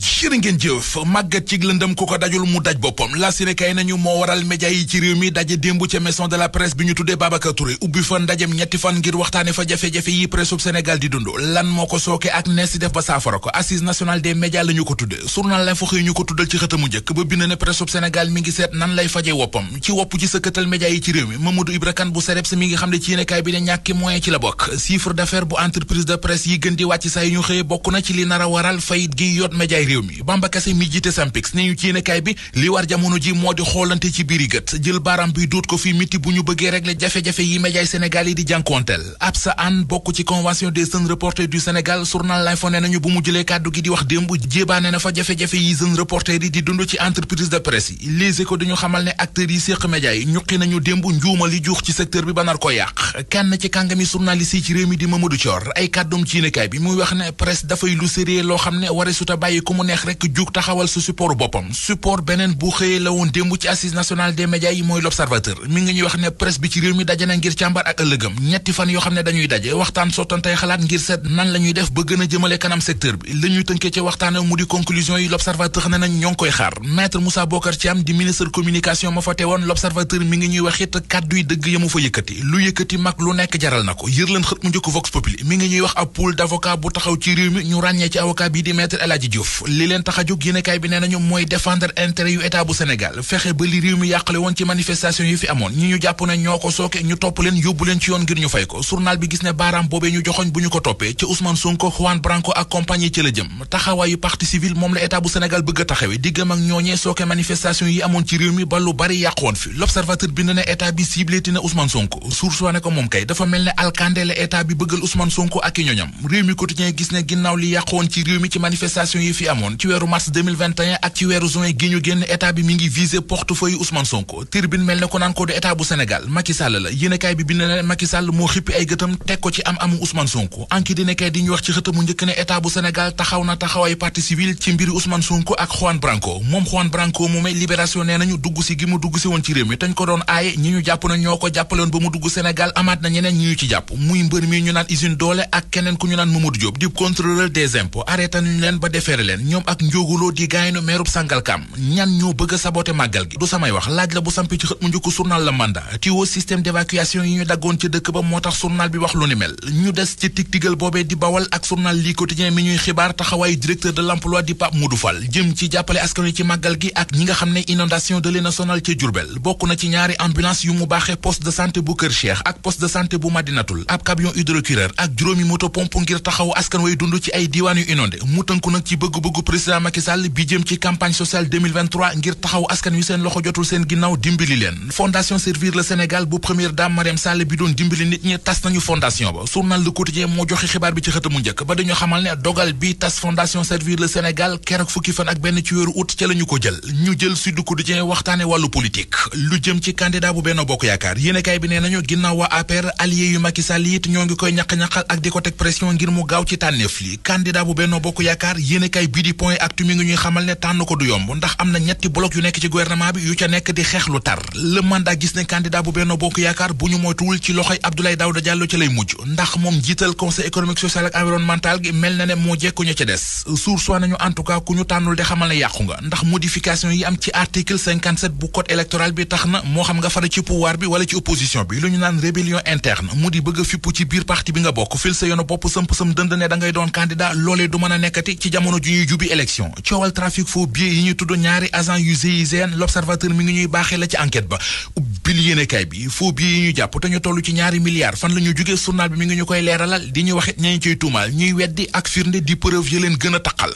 jërë ngeen jëf màggat ci lëndëm ku ko dajul mu daj boppam la si nekay nañu moo waral média yi ci réew mi daje démb ca maison de la presse bi ñu tuddee Babacar Touré ubbi fa ndajem ñetti fan ngir waxtaane fa jafe-jafe yi presse ub Sénégal di dund lan moo ko sooke ak nees si def ba saafara ko assise nationale des médias la ñu ko tudde journal L'Info xëy ñu ko tuddal ci xëtamu njëkk ba bind ne presse ub Sénégal mi ngi seet nan lay faje woppam ci wopp ci sëkkatal média yi ci réew mi Mamadou Ibra Kane bu Sereps mi ne ci yéenekaay bi ne ñàkki moyen ci la bokk chiffre d'affaires bu entreprise de di wàcc saa yi bokk na ci li nar a waral fayit gi yoot média réew mi Bamba Kassé mi jiite Sampix ne ñu ci yéenekaay bi li war jamono ji moo di xoolante ci biiri gët jël baaraam bi duut ko fii miti bu ñu bëggee régler jafe-jafe yi médias Sénégal yi di jànkonteel Absa Anne bokk ci convention des jeunes reporters du ne nañu bu mu jëlee kàddu gi di wax démb jéebaane na fa jafe-jafe yi jeunes reporters yi di dund ci entreprise de presse yi Les Échos dañu xamal ne acteurs yi séq médias ñuqi nañu démb njuuma li juux ci mu neex rek jug taxawal su support boppam support beneen bu xëyee la woon démb ci assise nationale des médias yi mooy l'observateur ngi ñuy wax ne presse ne dañuy daje waxtaan sottantey xalaat ngir seet nan la def ba gën a jëmale kanam secteur bi li ñuy tënkee ci waxtaan mu di conclusion yi ngi mi ngi ñuy wax it kàdduy dëgg yamu fa yëkkati lu yëkkati mag lu ab pool d'avocat bu taxaw ci réew mi ñu ràññee ci avocat bi di maître El Hadji li leen tax a bi nee nañu mooy défendre intérêt yu état bu Sénégal fexe ba li réew mi yàqale woon ci manifestation yi fi amoon ñi ñu jàpp ne ñoo ko sooke ñu topp leen yóbbu leen ci yoon ngir ñu fay ko journal bi gis ne baaraam boobee ñu joxoñ bu ñu ko toppee ci Ousmane Sonko Juan Branco ak compagnie ci la jëm taxawaayu parti civil moom la état bu Sénégal bëgg a taxawee diggam ak ñooñee sooke manifestation yi amoon ci réew mi ba lu bari bi ne ne état bi cibleeti na Ousmane Sonko ne ko moom kay dafa mel ne alkande la état bi bëggal Ousmane Sonko ak i ñoñam gis ne ginnaaw li yàq woon ci réew mi ci manifestation yi fi amoon ci weeru mars ak ci weeru juin gi ñu génn état bi mi ngi viser portefeuille Ousmane Sonko tribune mel ne ko naan ko du bu Sénégal Macky la yéenekaay bi bind na Macky moo xippi ay gëtam teg ko ci am amu Ousmane Sonko enquête yéenekaay di ñu wax ci xëtamu njëkk ne état bu Sénégal taxaw na taxawaay partie civile ci mbiri Ousmane Sonko ak Juan Branco moom Juan Branco mu may libération nee nañu dugg si gi mu dugg si woon ci réew mi dañ ñu ko jàppaloon ba ñi ñu ñoom ak njóoguloo di gaaynu meerub sàngalkam ñan ñoo bëgg a saboté màggal gi du samay wax laaj la bu sampe ci xët mu njëkk journal la mandat tiwo système d'évacuation yi ñu daggoon ci dëkk ba moo tax journal bi wax lu ni mel ñu des ci tig tigal boobee di bawal ak journal li quotidien mi ñuy xibaar taxawaayu directeur de l'emploi di Pape Modou Fall jëm ci jàppale askan wi ci màggal gi ak ñi nga xam ne inondation de nationale ci Diourbel bokk na ci ñaari ambulance yu mu baaxee poste de bu Kër Cheikh ak poste de santé bu Madinatul ab camion hydrocureur ak juróomi moto pompe taxaw askan way dund ci ay diiwaan yu inondé mu tënku nag ci bëgg bëgg président Macky Sall bi jëm ci campagne sociale ngir taxaw askan wi seen loxo jotul seen ginnaaw dimbali leen fondation servir le Sénégal bu première dame Mariam bi doon dimbali nit ñi tas nañu fondation ba journal Le Quotidien moo joxe xibaar bi ci xëtamu njëkk ba dañu xamal ne dogal bi tas fondation servir le Sénégal keroog fukki fan ak benn ci weeru ca la ko jël ñu jël Sud Quotidien waxtaane wàllu politique lu jëm ci candidat bu Benno Bokk Yaakaar ndax moom jiital conseil économique social environnemental gi mel na ne moo jekku ca des source wa nañu en ku ñu tànnul de xamal ne yàqu nga ndax modification yi am ci article bu code électoral bi tax na moo xam nga fara ci pouvoir bi wala ci opposition bi lu ñu naan rébellion interne mu di bëgg fippu ci biir parti bi nga bokk fil sa bopp sëmp sëm dënd ne da doon candidat loolee du mën a nekkati ci jamono ju ñuy jubi élection coowal trafic faux billets yi ñu tudd ñaari agent yu GIGN l'observateur mi ngi ñuy baaxee la ci enquête ba ubbil yéenekaay bi faux billets yi ñu jàpp te ñu toll ci ñaari milliards fan la ñu jugee journal bi mi ngi ñu koy leeralal di ñu waxit ñañu ciy tuumaal ñuy weddi ak firnde di preuve yi leen gën a taqal